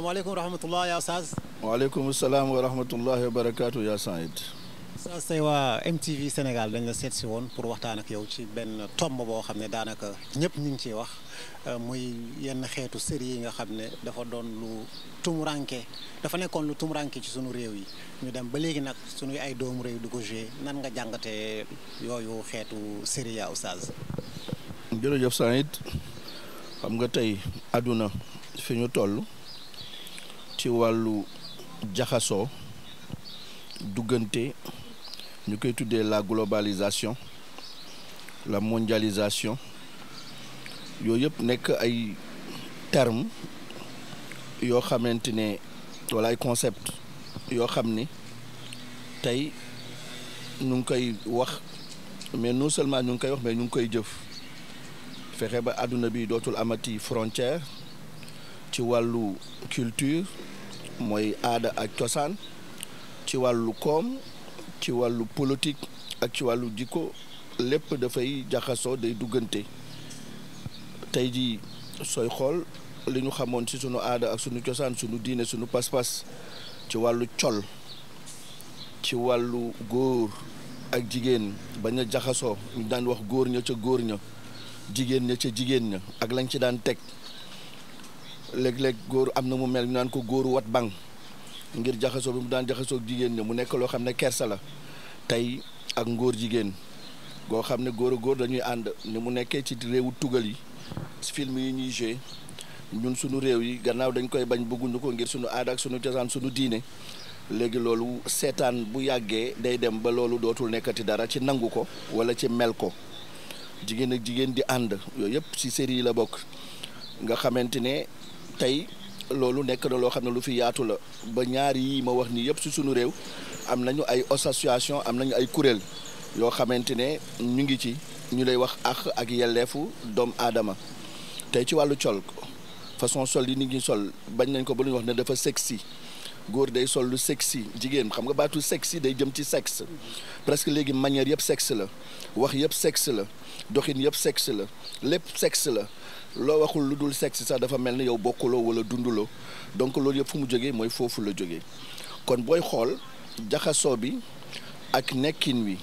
salaamaaleykum wa rahmatulah yaa Oustaz. salaam wa rahmatulah wa barakaatu yaa Saïd. Oustaz tey waa MTV Sénégal dañ la seet si woon pour waxtaan ak yow ci benn tomb boo xam ne daanaka ñëpp ñu ngi ciy wax euh, muy yenn xeetu série yi nga xam ne dafa doon lu tumuranke dafa nekkoon lu tumuranke ci sunu réew yi ñu dem ba léegi nag sunuy ay doomu réew du ko joué nan nga jàngatee yooyu xeetu série yaa Oustaz. jërëjëf Saïd xam nga tey àdduna fi ñu toll. ci wàllu jaxasoo duggante ñu koy tuddee la globalisation la mondialisation yooyu yëpp nekk ay termes yoo xamante ne wala ay concept yoo xam ni tey ñu ngi koy wax mais non seulement ñu ngi koy wax mais ñu ngi koy jëf fexe ba àdduna bi dootul amati frontière ci wàllu culture mooy aada ak cosaan ci wàllu koom ci wàllu politique ak ci wàllu jikko lépp dafay jaxasoo day duggante tey ji sooy xool li ñu xamoon ci sunu aada ak sunu cosaan sunu diine sunu pas-pas ci wàllu col ci wàllu góor ak jigéen bañ a jaxasoo ñu daan wax góor ña ca góor ña jigéen ña ca jigéen ña ak lañ ci daan teg léegi léeg góor am na mu mel naan ko góoru wat bang ngir jaxasoo bi mu daan jaxasoo jigéen ñi mu nekk loo xam ne kersa la tey ak ngóor jigéen goo xam ne góor a góor dañuy ànd ni mu nekkee ci réewu tugal yi film yi ñuy joué ñun suñu réew yi gannaaw dañ koy bañ bëgguñu ko ngir suñu aada ak suñu cosaan suñu diine léegi loolu seetaan bu yàggee day dem ba loolu dootul nekkati dara ci nangu ko wala ci mel ko jigéen ak jigéen di ànd yooyu yëpp ci série yi la bokk nga ne tey loolu nekk na loo xam ne lu fi yaatu la ba ñaari yi ma wax nii yëpp si suñu réew am nañu ay association am nañu ay kuréel yoo xamante ne ñu ngi ci ñu lay wax àq ak yelleefu doomu aadama tey ci wàllu col façon sol yi ni ñi sol bañ nañ ko ba lu ñu wax ne dafa sexy góor day sol lu sexy jigéen xam nga baatu sexy day jëm ci sexe presque léegi manière yëpp sexe la wax yëpp sexe la doxin yëpp sexe la lépp sexe la loo waxul lu dul sexe sax dafa mel ni yow bokkuloo wala dunduloo donc loolu yëpp fu mu jógee mooy foofu la jóge kon booy xool jaxasoo bi ak nekkin wi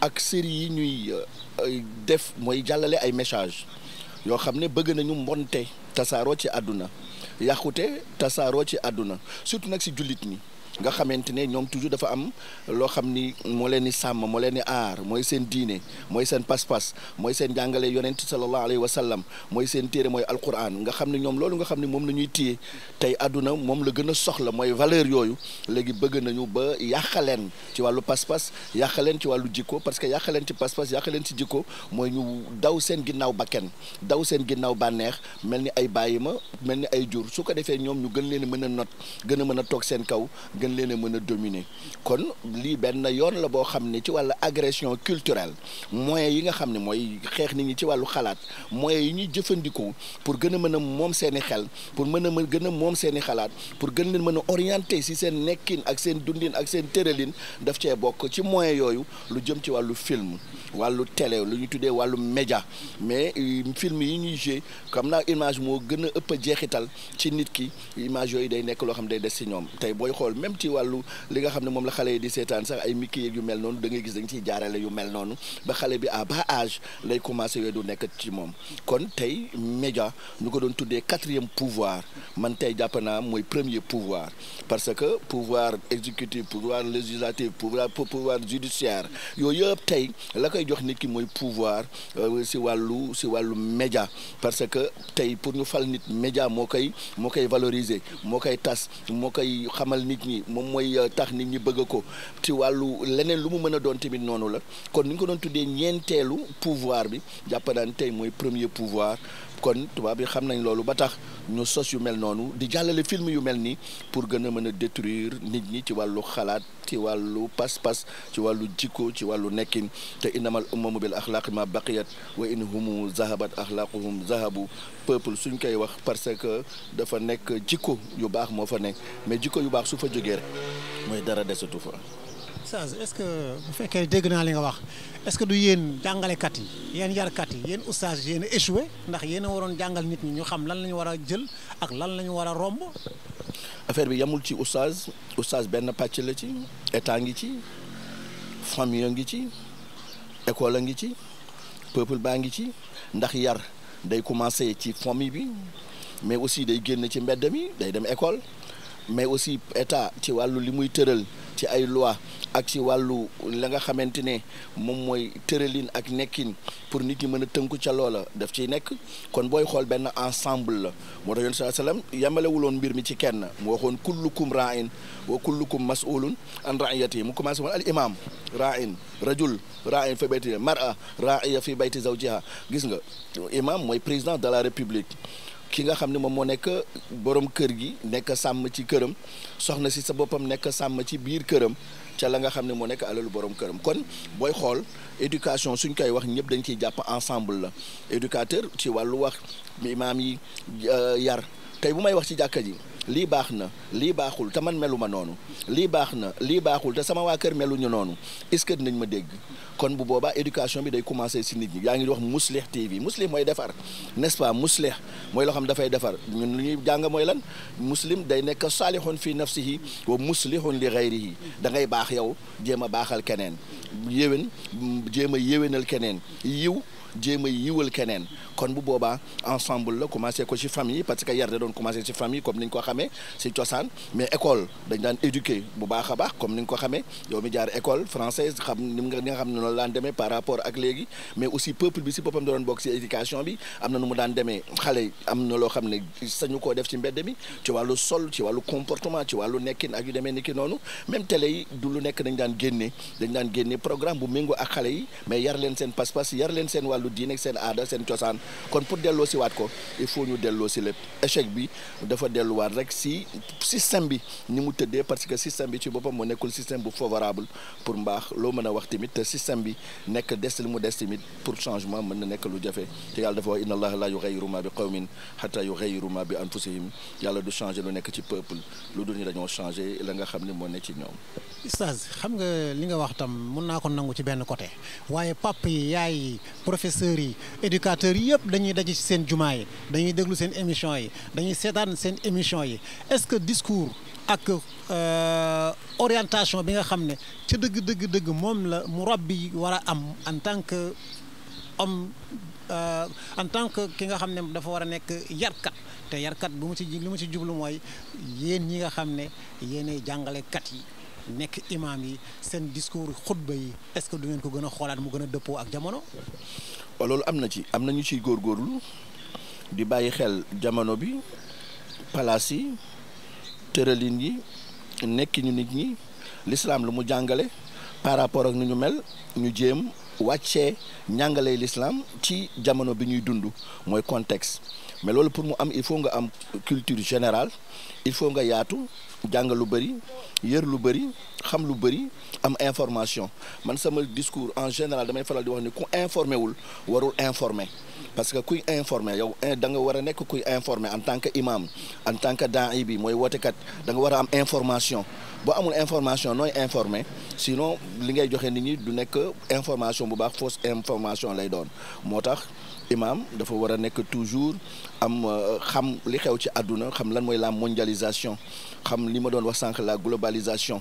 ak série yi ñuy euh, def mooy jàllale ay message yoo xam ne bëgg nañu mbonte tasaaroo ci àdduna yàqute tasaaroo ci àdduna surtout nag si jullit ñi nga xamante ne ñoom toujours dafa am loo xam ni moo leen di sàmm moo leen di aar mooy seen diine mooy seen pas-pas mooy seen jàngale yonent sallallahu alayhi wa sallam mooy seen téere mooy alquran nga xam ne ñoom loolu nga xam ne moom la ñuy téye tey àdduna moom la gën a soxla mooy valeur yooyu léegi bëgg nañu ba yàqaleen ci wàllu pas-pas yàqaleen ci wàllu jikko parce que yàqaleen ci pas-pas yàqaleen ci jikko mooy ñu daw seen ginnaaw kenn daw seen ginnaaw bànneex mel ni ay bàyyi ma mel ni ay jur su ko defee ñoom ñu gën leen mën a not gën a mën a toog seen kaw gën leen mën a dominer kon lii benn yoon la boo xam ne ci wàllu agression culturelle moyens yi nga xam ne mooy xeex nit ñi ci wàllu xalaat moyens yi ñuy jëfandikoo pour gën a mën a moom seen i xel pour mën a mën gën a moom seen i xalaat pour gën leen mën a orienter si seen nekkin ak seen dundin ak seen tëralin daf cee bokk ci moyens yooyu lu jëm ci wàllu film wàllu télé lu ñu tuddee wàllu média mais euh, film yi ñuy joué xam naa image moo gën a ëpp a jeexital ci nit ki image yooyu day nekk loo xam ne day des si ñoom tey booy xool même ci wàllu li nga xam ne moom la xale yi di seetaan sax ay Mickey yu mel noonu da gis dañ ciy jaarale yu mel noonu ba xale bi à bas âge lay commencé du nekk ci moom kon tey média ñu ko doon tuddee quatrième pouvoir man tey jàpp naa mooy premier pouvoir parce que pouvoir exécutif pouvoir législatif pouvoir pouvoir judiciaire yooyu yëpp tey la jox nit ki mooy pouvoir euh, si wàllu si wàllu média parce que tey pour ñu fal nit média moo koy moo koy valoriser moo koy tas moo koy xamal nit ñi moom mooy euh, tax nit ñi bëgg ko ci wàllu leneen lu mu mën a doon tamit noonu la kon nu ñu ko doon tuddee ñeenteelu pouvoir bi jàpp naan tey mooy premier pouvoir kon tubaab yi xam nañ loolu ba tax ñu sos yu mel noonu di jàllale film yu mel nii pour gën a mën a détruire nit ñi ci wàllu xalaat ci wàllu pas-pas ci wàllu jikko ci wàllu nekkin te innamal umamu bil axlaaqi ma baqiyat wa in humu zahabat axlaaquhum zahabu peuple suñ koy wax parce que dafa nekk jikko yu baax moo fa nekk mais jikko yu baax su fa jógee rek mooy dara desetu fa Oustaz est-ce que bu fekkee dégg naa li nga wax est-ce que du yéen jàngalekat yi yéen yarkat yi yéen Oustaz yéen a ndax yéen a waroon jàngal nit ñi ñu xam lan la ñu war a jël ak lan la ñu war a romb. affaire bi yamul ci Oustaz Oustaz benn pàcc la ci état ngi ci famille a ngi ci école a ngi ci peuple baa ngi ci ndax yar day commencer ci famille bi mais aussi day génn ci mbedd mi day dem école. mais aussi état ci wàllu li muy tëral ci ay loi ak ci wàllu la nga xamante ne moom mooy tëralin ak nekkin pour nit ñi mën a tënku ca loola def ciy nekk kon booy xool benn ensemble la moo tax yonent saa sallam yamalewuloon mbir mi ci kenn mu waxoon kullukum ra'in wa kullukum mas'ulun an ra'iyati mu commencé woon al imam ra'in rajul ra'in fi bayti mar'a ra'iya fi bayti zawjiha gis nga imam mooy président de la république ki nga xam ne moom moo nekk borom kër gi nekk sàmm ci këram soxna si sa boppam nekk sàmm ci biir këram ca la nga xam ne moo nekk alalu borom këram kon booy xool éducation suñ koy wax ñëpp dañ ciy jàpp ensemble la éducateur ci wàllu wax imaam yi euh, yar tey bu may wax ci jàkka ji lii baax na lii baaxul te man melu ma noonu lii baax na lii baaxul te sama waa kër meluñu noonu est-ce que dinañ ma dégg kon bu boobaa éducation bi day commencer ci nit ñi yaa ngi wax Mouslih TV Mouslih mooy defar n'est-ce pas Mouslih mooy loo xam dafay defar ñun lu ñuy jànga mooy lan muslim day nekk saalihun fi nafsihi wa muslihun li ghayrihi da dangay baax yow jéem a baaxal keneen yéwén jéem a yéwénal keneen yiw jéem a yiwal keneen kon bu boobaa ensemble la commencé ko ci famille parce que yar da doon commencé ci famille comme ni nga xam ne noonu laan demee par rapport am na nu xam ne sañu koo def ci mbedd mi ci wàllu sol ci wàllu comportement ci wàllu nekkin ak yu demee ni noonu même télé yi du lu nekk dañ daan génne dañ daan génne programme bu méngoo ak xale yi mais yar leen seen pas-pas yar leen seen wàllu wàllu diine seen aada seen cosaan kon pour delloo si waat ko il faut ñu delloo si lépp échec bi dafa delluwaat rek si système bi ni mu tëddee parce que système bi ci boppam moo nekkul système bu favorable pour mbaax loo mën a wax tamit te système bi nekk des li mu des tamit pour changement mën na nekk lu jafe te yàlla dafa wax inna allaha la yughayyiru ma bi qawmin hatta yughayyiru ma bi anfusihim yàlla du changer lu nekk ci peuple lu dul ñu dañoo changer la nga xam ne moo nekk ci ñoom Oustaz xam nga li nga wax tam mën naa ko nangu ci benn côté professeurs yi éducateurs yi yëpp dañuy daje ci seen jumaa yi dañuy déglu seen émission yi dañuy seetaan seen émission yi est-ce que discours ak euh, orientation bi nga xam ne ca dëgg dëgg dëgg moom la mu rob bi war a am en tant que homme euh, en tant que ki nga xam ne dafa war a nekk yarkat te yarkat bu mu ci li mu ci jublu mooy yéen ñi nga xam ne yéenay jàngalekat yi nekk imaam yi seen discours xutba yi est-ce que du ngeen ko gën a xoolaat mu gën a dëppoo ak jamono. loolu am na ci am nañu ñu ciy góorgóorlu di bàyyi xel jamono bi palaas yi tëralin yi nekki ñu nit ñi lislaam lu mu jàngale par rapport ak ni ñu mel ñu jéem wàccee njàngale lislaam ci jamono bi ñuy dund mooy contexte mais loolu pour mu am il faut nga am culture générale il faut nga yaatu jàng lu bëri yër lu bëri xam lu bëri am information man sama discours en général damay faral di wax ni ku informé wul warul informé parce que kuy informé yow eh, da nga war a nekk kuy informé en tant que imam en tant que da'i bi mooy wootekat da nga war a am information boo amul information nooy informé sinon li ngay joxe ni ñi du nekk information bu baax fausse information lay doon moo tax imam dafa war a nekk toujours am euh, xam li xew ci àdduna xam lan mooy la mondialisation xam li ma doon wax sànq la globalisation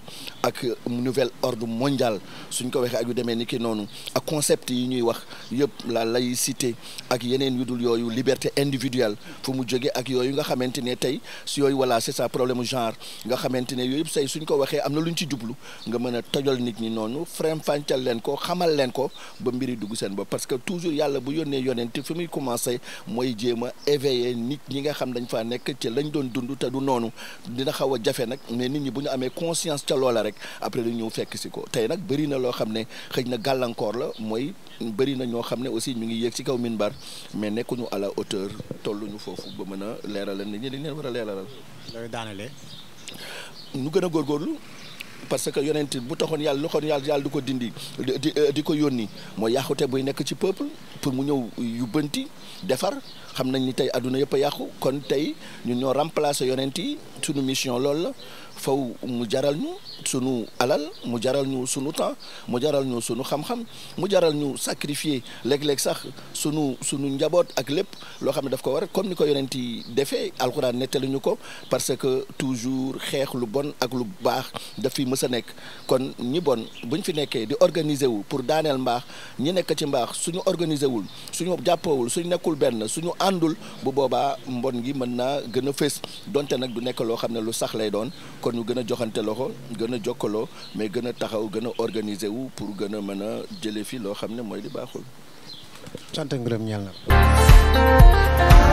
ak nouvel ordre mondial suñ ko waxee ak yu demee ni noonu ak concept yi ñuy wax yëpp la laïcité ak yeneen yu dul yooyu liberté individuelle fu mu jóge ak yooyu nga xamante ne tey si yooyu voilà c'est ça problème genre nga xamante ne yooyu yëpp say suñ ko waxee am na lu ñu ci jublu nga mën a tojal nit ñi noonu frem fàncal leen ko xamal leen ko ba mbiri dugg seen ba parce que toujours yàlla bu yónnee yonent fi muy commencé mooy jéem a éveiller nit ñi nga xam dañ faa nekk ci doon dund te du noonu dina xaw a jafe nag mais nit ñi bu ñu amee conscience ca loola rek après lu ñëw fekk si ko tey nag bëri na loo xam ne xëy na gàllankoor la mooy bëri na ñoo xam ne aussi ñu ngi yéeg ci kaw minbar mais nekkuñu ala la hauteur tolluñu foofu ba mën a leeralal nit ñi dañ leen war a leeralal. loolu daanalee. ñu gën a góor góorlu parce que yonent bu taxoon yàlla lu xoon yàlla yàlla di ko dindi di di ko yónni mooy yàqute buy nekk ci peuple pour mu ñëw yu bënti defar xam nañ ni tey àdduna yëpp yàqu kon tey ñu ñoo remplacer yonent yi sunu mission loolu la faw mu jaral ñu sunu alal mu jaral ñu sunu temps mu jaral ñu sunu xam mu jaral ñu sacrifier léeg-léeg sax sunu sunu njaboot ak lépp loo xam ne daf ko war comme ni ko yonent yi defee alxuraan nettali ñu ko parce que toujours xeex lu bon ak lu baax daf fi mës nekk kon ñi bon buñ fi nekkee di organiser wu pour daaneel mbaax ñi nekk ci mbaax suñu organiser wul suñu jàppoowul suñu nekkul benn suñu àndul bu boobaa mbon gi mën naa gën a fës donte nag du nekk loo xam ne lu sax lay doon kon ñu gën a joxante loxo gën a jokkaloo mais gën a taxaw gën a organiser wu pour gën a mën a jëlee fi loo xam ne mooy li baaxul. sant ngërëm ñeel na